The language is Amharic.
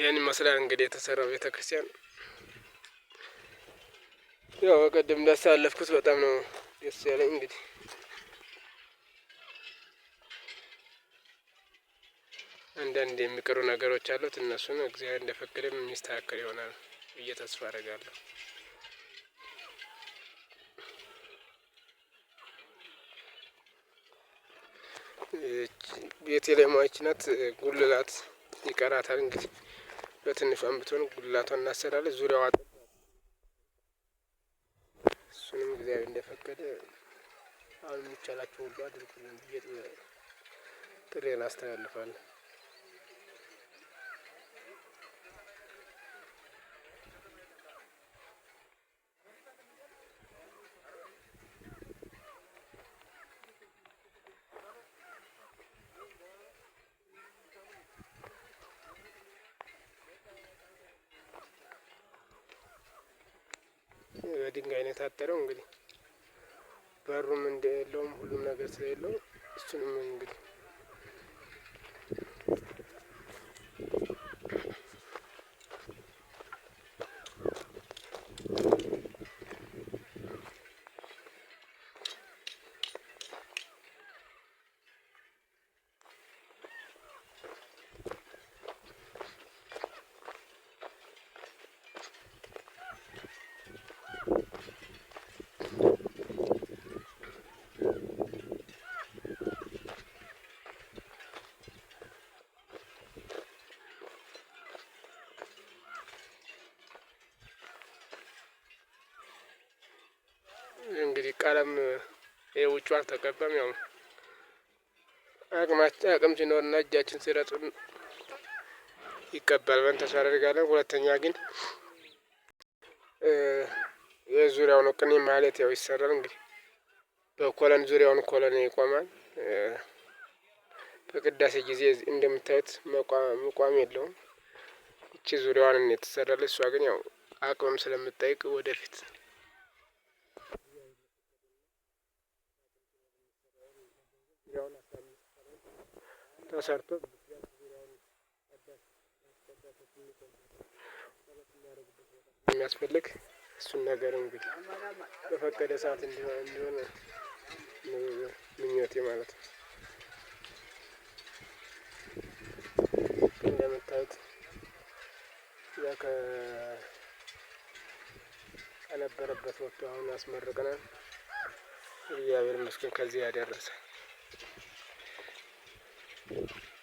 ይህን ይመስላል እንግዲህ የተሰራው ቤተ ክርስቲያን። ያው በቀደም እንዳሳለፍኩት በጣም ነው ደስ ያለኝ። እንግዲህ አንዳንድ የሚቀሩ ነገሮች አሉት። እነሱን እግዚአብሔር እንደፈቀደም የሚስተካከል ይሆናል ብዬ ተስፋ አደርጋለሁ። ቤቴሌማዊች ናት፣ ጉልላት ይቀራታል እንግዲህ በትንሿም ብትሆን ጉልላቷን እናሰራለን። ዙሪያዋ እሱንም እግዚአብሔር እንደፈቀደ አሁን የሚቻላቸው ሁሉ አድርጉ ብዬ ጥሬን አስተላልፋለሁ። በድንጋይ ነው የታጠረው። እንግዲህ በሩም እንደሌለውም ሁሉም ነገር ስለሌለው እሱንም እንግዲህ እንግዲህ ቀለም የውጭ አልተቀባም። ያው አቅማችን አቅም ሲኖርና እጃችን ሲረጥ ይቀባል ብለን ተስፋ አደርጋለን። ሁለተኛ ግን የዙሪያውን ቅኔ ማለት ያው ይሰራል እንግዲህ በኮለን ዙሪያውን ኮለን ይቆማል። በቅዳሴ ጊዜ እንደምታዩት መቋም የለውም። እቺ ዙሪያዋን የተሰራለች እሷ ግን ያው አቅምም ስለምጠይቅ ወደፊት ተሰርቶ የሚያስፈልግ እሱን ነገር እንግዲህ በፈቀደ ሰዓት እንዲሆን ምኞቴ ማለት ነው። እንደምታዩት ያ ከነበረበት ወቅቱ አሁን አስመርቀናል። እግዚአብሔር ይመስገን ከዚህ ያደረሰ Thank you.